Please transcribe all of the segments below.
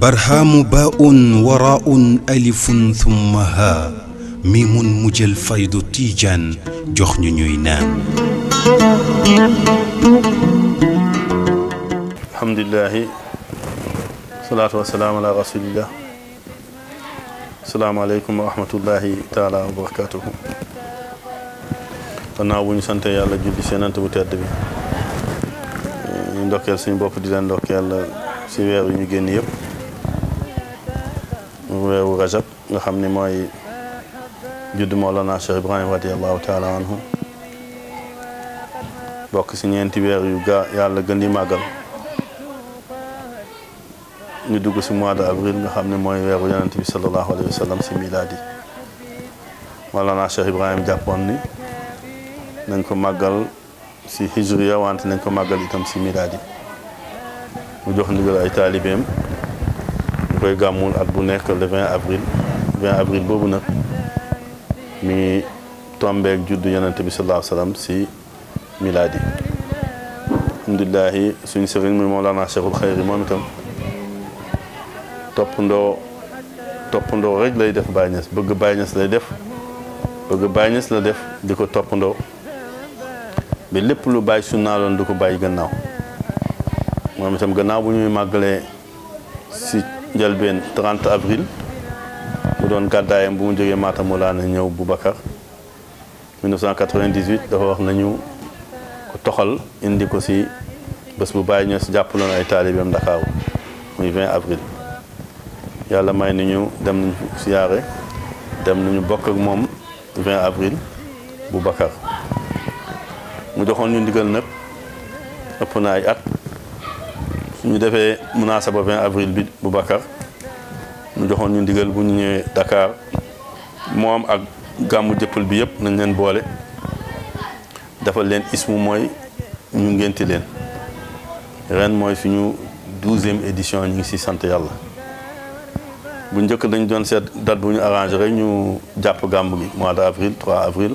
barhamu baun waraun alifun thumma ha mi mun mujjël faydu tiijaan jox ñu ñuy naan alhamdulilahi salaatu wasalaam ala rasulillah asalaamaaleykum wa rahmatullahi taala wa barakatuhu gannaaw bu ñu sante yàlla julli seenant bu tedd bi ñu ndokkeel suñu bopp di leen ndokkeel si weer yu ñu génn yëpp weeru rajab nga xam ni mooy judd Mawlana Cheikh Ibrahima radiallahu taala anhu bokk si ñeenti weer yu gaa yàlla gën di màggal ñu dugg si mois de avril nga xam ne mooy weeru yonent bi sallallahu alayhi wa si milaadi Mawlana Cheikh Ibrahima jàppoon ni nañ ko màggal si hijriya wante nañ ko màggal itam si milaad mu jox ndigal ay taalibeem ñu koy gàmmul at bu nekk le 20 avril 20 avril boobu nag mi tombeek juddu yonente bi sallallahu alayhi wasallam si milaad yi alhamdulilahi suñ sëriñ muy Mawlana Cheikhul Xayri moom itam toppandoo toppandoo rek lay def Baye Niass bëgg Baye lay def bëgg Baye la def di ko toppandoo mais lépp lu bàyyi su sunnaaloon du ko bàyyi gannaaw moom itam gannaaw bu ñuy màggalee si njëlbeen 30 avril mu doon gàddaayam bu mu jógee Matamolana ñëw Boubacar 1998 dafa wax nañu ko toxal indi ko si bés bu bàyyi ñoo si jàppaloon ay taalibeem Ndakaaru muy 20 avril yàlla may ni ñu dem nañu siyaare dem nañu bokk ak moom 20 avril Boubacar mu joxoon ñu ndigal nag ëpp na ay at ñu defee munaasaba 20 avril bi Boubacar mu joxoon ñu ndigal bu ñu ñëwee dakaar moom ak gàmmu jëppal bi yëpp nañ leen boole defal leen ismu mooy ñu ngénti leen ren mooy suñu douzième édition ñu ngi si sant yàlla bu njëkk dañ doon seet date bu ñu arrangé rek ñu jàpp gàmmu gi mois de avril 3 avril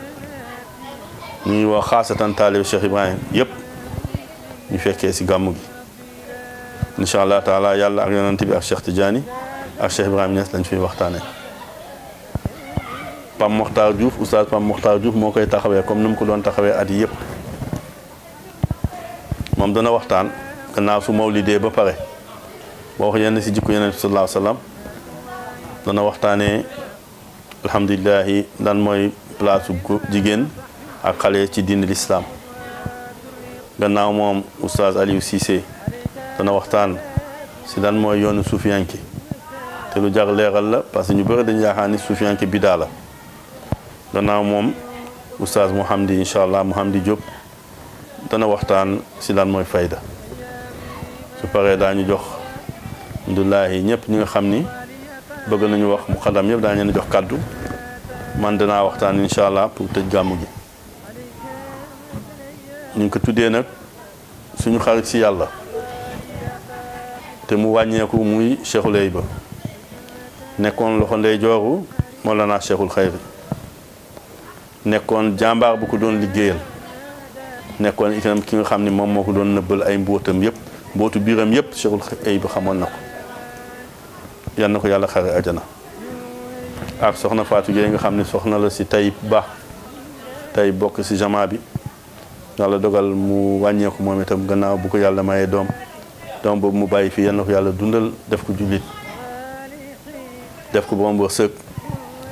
ñu ngi wax xaasatan taalib Cheikh Ibrahim yëpp ñu fekkee si gàmmu gi incha allah taala yàlla ak yonent bi ak Cheikh Tidiane ak Cheikh Ibrahim Niass lañ fiy waxtaane Pam Mokhtar Diouf oustaz Pam Mokhtar Diouf moo koy taxawee comme ni mu ko doon taxawee at yi yëpp moom dana waxtaan gannaaw su mawlidee ba pare boo wax yenn si jikko yonent su sallallahu alayhi dana waxtaanee alhamdulilah daan mooy place jigéen. ak xale ci diin lislaam gannaaw moom oustaz Aliou Cissé dana waxtaan si lan mooy yoonu suufiyanke te lu jar leeral la parce que ñu bëri dañu yaakaar ni suufiyanke bidaa la gannaaw moom oustaz Mouhamdi incha allah Mouhamdi Diop dana waxtaan si mooy fayda su daañu jox alhamdulilahi ñëpp ñi nga xam ni bëgg nañu wax mu muqaddam yëpp daañu leen jox kàddu man danaa waxtaan incha allah pour tëj gàmmu gi. ñu ngi ko tuddee nag suñu xarit si yàlla te mu wàññeeku muy cheikhul ay ba nekkoon loxo ndey jooru Mawlana cheikhul xayri nekkoon jàmbaar bu ko doon liggéeyal nekkoon itam ki nga xam ni moom moo ko doon nëbbal ay mbóotam yëpp mbootu biiram yëpp cheikhul ay ba xamoon na ko yal na ko yàlla xare ajana ak soxna faatu Gueye nga xam ne soxna la si tey baax tey bokk si jamaa bi yàlla dogal mu wàññeeku moom itam gannaaw bu ko yàlla mayee doom doom boobu mu bàyyi fii yan na ko yàlla dundal def ko jullit def ko boom ba sëg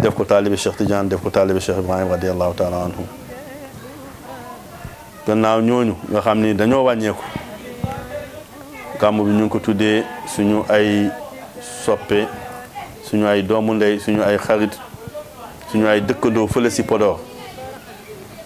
def ko taalibi Cheikh Tidiane def ko taalibi Cheikh Ibrahim radiallahu taala anhu gannaaw ñooñu nga xam ni dañoo wàññeeku gàmm bi ñu ko tuddee suñu ay soppe suñu ay doomu ndey suñu ay xarit suñu ay dëkkandoo fële si Podor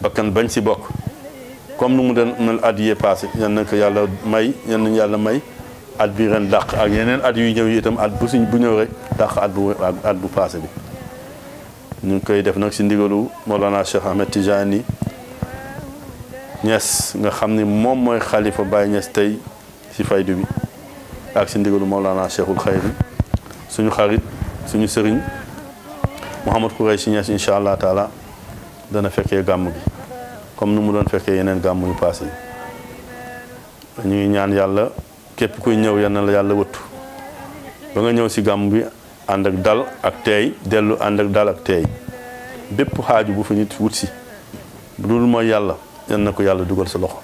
bakkan bañ si bokk comme nu mu den mel at yee passé yan nañ ko yàlla may yan nañ yàlla may at bi ren dàq ak yeneen at yu ñëw yi itam at bu si bu ñëw rek dàq at bu at bu passé bi ñu ngi koy def nag si ndigalu Mawlana Cheikh Ahmed Tijani Niass nga xam ni moom mooy xalifa Baye Niass tey si faydu bi ak si ndigalu Mawlana Cheikhul Xayri suñu xarit suñu sëriñ Mouhamad Kouraychi Niass incha allah taala dana fekkee gàmm gi comme nu mu doon fekkee yeneen gàmm yu paase yi ñu ngi ñaan yàlla képp kuy ñëw yal na la yàlla wëttu ba nga ñëw si gàmm bi ànd ak dal ak teey dellu ànd ak dal ak teey bépp xaaju bu fa nit wut si bu mooy yàlla yan na ko yàlla dugal sa loxo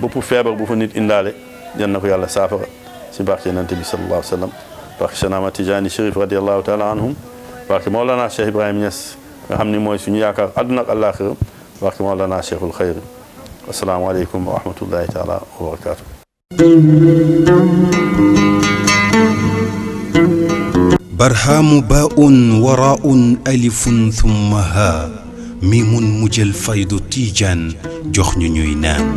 bépp feebar bu fa nit indaale yan ko yàlla saafara si barke yonent bi sallallahu alayhi wa sallam barke Cheikh Ahmad Tijaani Chérif radiallahu taala nga xam ni mooy suñu yaakaar àdduna ak àllaaxira waxtu Mawlana Cheikhul Xayr asalaamaaleykum wa rahmatullahi taala wa barakaatu. barhaamu baa'un waraa'un alifun thumma haa miimun mujjal faydu tiijaan jox ñu ñuy naan.